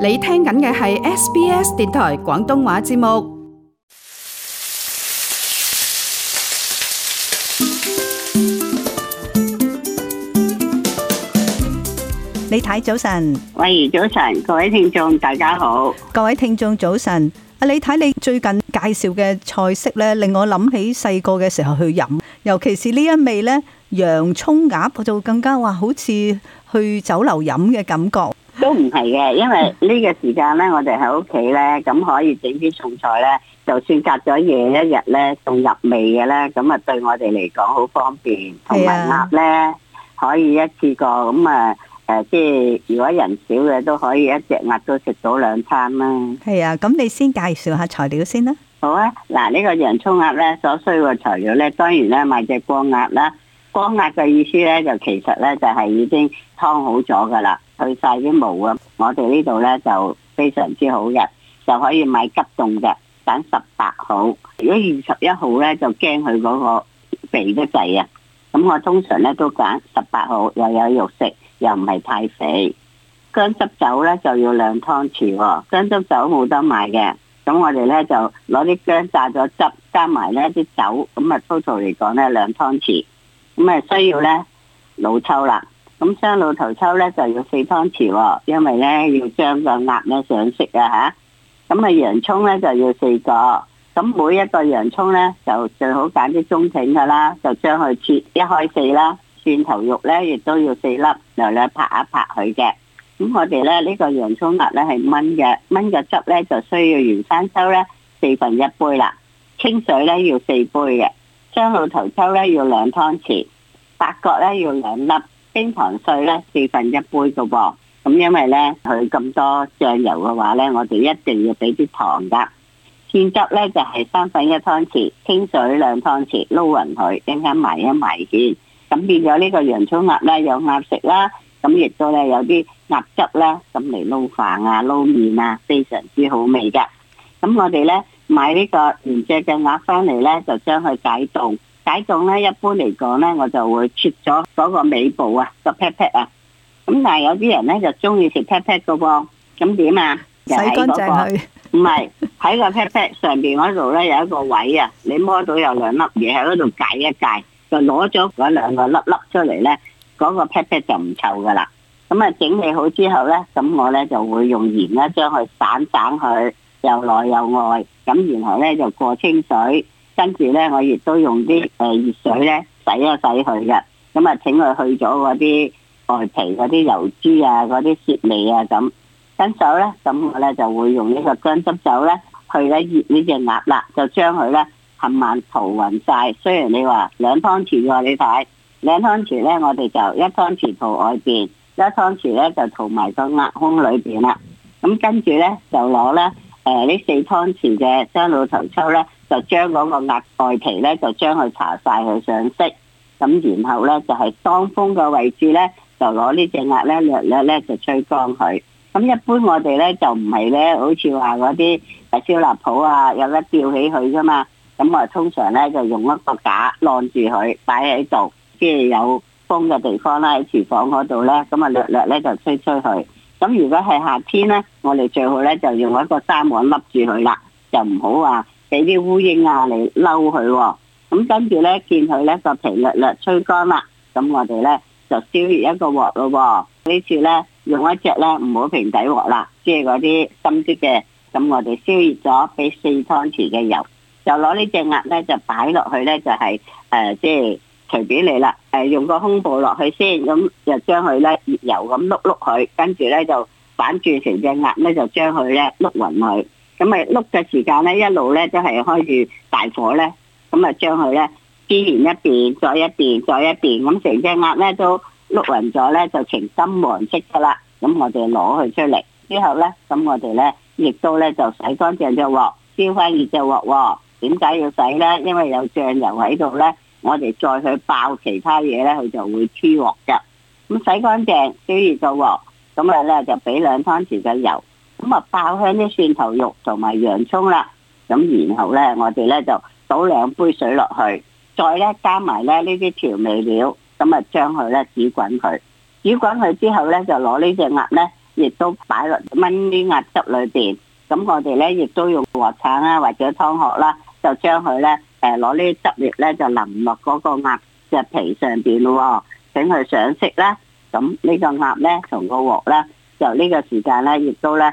你聽緊嘅係 SBS 電台廣東話節目。李太，早晨，喂，早晨，各位聽眾，大家好，各位聽眾早晨。阿李太，你最近介紹嘅菜式咧，令我諗起細個嘅時候去飲，尤其是呢一味咧洋蔥鴨，我就更加話好似去酒樓飲嘅感覺。都唔係嘅，因為呢個時間咧，我哋喺屋企咧，咁可以整啲餸菜咧，就算隔咗夜一日咧，仲入味嘅咧，咁啊對我哋嚟講好方便，同埋鴨咧可以一次過咁啊，誒、呃，即係如果人少嘅都可以一隻鴨都食到兩餐啦。係啊，咁你先介紹下材料先啦。好啊，嗱，呢、這個洋葱鴨咧所需嘅材料咧，當然咧買隻光鴨啦，光鴨嘅意思咧就其實咧就係、是、已經劏好咗噶啦。去晒啲毛啊！我哋呢度呢就非常之好嘅，就可以買急凍嘅，揀十八號。如果二十一號呢就驚佢嗰個肥得滯啊！咁我通常呢都揀十八號，又有肉食，又唔係太肥。薑汁酒呢就要兩湯匙喎，哦，薑汁酒冇得賣嘅。咁我哋呢就攞啲薑榨咗汁，加埋呢啲酒，咁啊 total 嚟講呢兩湯匙。咁啊需要呢老抽啦。咁雙料頭抽咧就要四湯匙。哦，因為咧要將個鴨咧上色啊吓。咁啊洋蔥咧就要四個，咁、啊、每一個洋蔥咧就最好揀啲中型噶啦，就將佢切一開四啦。蒜頭肉咧亦都要四粒，兩兩拍一拍佢嘅。咁、啊、我哋咧呢、這個洋蔥鴨咧係炆嘅，炆嘅汁咧就需要原生抽咧四分一杯啦，清水咧要四杯嘅，雙料頭抽咧要兩湯匙，八角咧要兩粒。冰糖碎咧四分一杯嘅噃，哦，咁因為咧佢咁多醬油嘅話咧，我哋一定要俾啲糖噶。芡汁咧就係三份一湯匙，清水兩湯匙，撈勻佢，一陣間埋一埋先。咁變咗呢個洋蔥鴨咧，有鴨食啦，咁亦都咧有啲鴨汁咧，咁嚟撈飯啊、撈麵啊，非常之好味嘅。咁我哋咧買、這個、鴨呢個原隻嘅鴨翻嚟咧，就將佢解凍。解凍咧，一般嚟講咧，我就會切咗嗰個尾部啊，個 pat pat 啊。咁但係有啲人咧就中意食 pat pat 噶喎。咁點啊？洗乾淨佢。唔係，喺個 pat pat 上邊嗰度咧有一個位啊，你摸到有兩粒嘢，喺嗰度解一解，就攞咗嗰兩個粒粒出嚟咧，嗰個 pat pat 就唔臭噶啦。咁啊，整理好之後咧，咁我咧就會用鹽咧將佢散散佢，又內又外。咁然後咧就過清水。跟住、啊啊、呢，我亦都用啲誒熱水呢洗一洗佢嘅，咁啊請佢去咗嗰啲外皮嗰啲油脂啊、嗰啲雪味啊咁。跟手呢，咁我呢就會用呢個薑汁酒呢去呢醃呢隻鴨啦，就將佢呢慢慢塗勻晒。雖然你話兩湯匙喎，你睇兩湯匙呢，我哋就一湯匙塗外邊，一湯匙呢就塗埋個鴨胸裏邊啦。咁跟住呢，就攞呢誒呢四湯匙嘅雙老頭抽呢。就將嗰個鴨外皮咧，就將佢搽曬去上色，咁然後咧就係當風嘅位置咧，就攞呢隻鴨咧略略咧就吹乾佢。咁一般我哋咧就唔係咧，好似話嗰啲燒臘鋪啊，有得吊起佢噶嘛。咁我通常咧就用一個架晾住佢，擺喺度，即係有風嘅地方啦，喺廚房嗰度咧。咁啊略略咧就吹吹佢。咁如果係夏天咧，我哋最好咧就用一個沙網笠住佢啦，就唔好話。俾啲烏蠅啊嚟嬲佢喎，咁跟住咧見佢咧個皮略略吹乾啦，咁我哋咧就燒熱一個鑊咯。呢次咧用一隻咧唔好平底鑊啦，即係嗰啲深色嘅。咁我哋燒熱咗，俾四湯匙嘅油，就攞呢隻鴨咧就擺落去咧就係誒，即係隨便你啦。誒，用個胸部落去先，咁就將佢咧熱油咁碌碌佢，跟住咧就反轉成隻鴨咧就將佢咧碌匀佢。咁咪碌嘅時間咧，一路咧都係開住大火咧，咁啊將佢咧煎完一邊，再一邊，再一邊，咁成隻鴨咧都碌匀咗咧，就呈金黃色噶啦。咁我哋攞佢出嚟之後咧，咁我哋咧亦都咧就洗乾淨隻鑊，燒翻熱隻鑊。點解要洗咧？因為有醬油喺度咧，我哋再去爆其他嘢咧，佢就會黐鑊㗎。咁洗乾淨，燒熱隻鑊，咁啊咧就俾兩湯匙嘅油。咁啊，爆香啲蒜頭肉同埋洋葱啦，咁然後咧，我哋咧就倒兩杯水落去，再咧加埋咧呢啲調味料，咁啊將佢咧煮滾佢，煮滾佢之後咧就攞呢隻鴨咧，亦都擺落炆啲鴨汁裏邊，咁我哋咧亦都用鍋鏟啊或者湯殼啦，就將佢咧誒攞呢啲汁液咧就淋落嗰個鴨隻皮上邊咯哦，等佢上色啦，咁呢隻鴨咧同個鑊咧，由呢個時間咧亦都咧。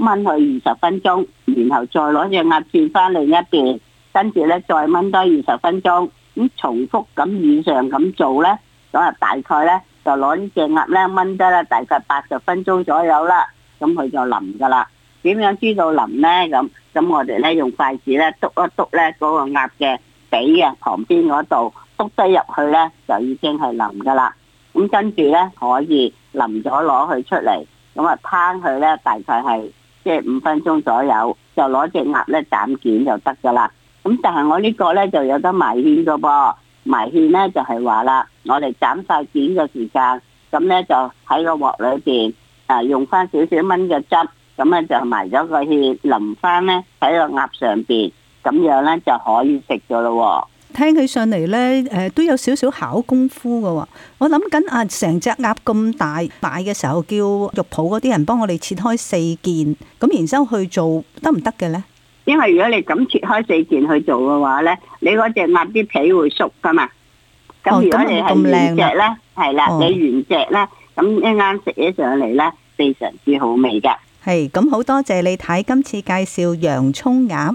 炆佢二十分鐘，然後再攞隻鴨轉返另一邊，跟住咧再炆多二十分鐘，咁重複咁以上咁做咧，咁啊大概咧就攞呢隻鴨咧炆得啦，大概八十分鐘左右啦，咁佢就腍噶啦。點樣知道腍咧？咁咁我哋咧用筷子咧篤一篤咧嗰個鴨嘅髀嘅旁邊嗰度篤低入去咧，就已經係腍噶啦。咁跟住咧可以腍咗攞佢出嚟，咁啊攤佢咧大概係。即係五分鐘左右，就攞隻鴨咧斬件就得噶啦。咁但係我個呢個咧就有得埋芡噶噃。埋芡咧就係話啦，我哋斬晒件嘅時間，咁咧就喺個鑊裏邊啊，用翻少少蚊嘅汁，咁咧就埋咗個芡淋翻咧喺個鴨上邊，咁樣咧就可以食咗咯。聽起上嚟咧，誒，都有少少考功夫噶。我諗緊啊，成隻鴨咁大買嘅時候，叫肉鋪嗰啲人幫我哋切開四件，咁然之後去做得唔得嘅咧？行行呢，因為如果你咁切開四件去做嘅話咧，你嗰隻鴨啲皮會縮噶嘛。如果你係靚隻咧，係啦、哦，你原隻咧，咁、哦、一啱食起上嚟咧，非常之好味嘅。係，咁好多謝你睇今次介紹洋蔥鴨。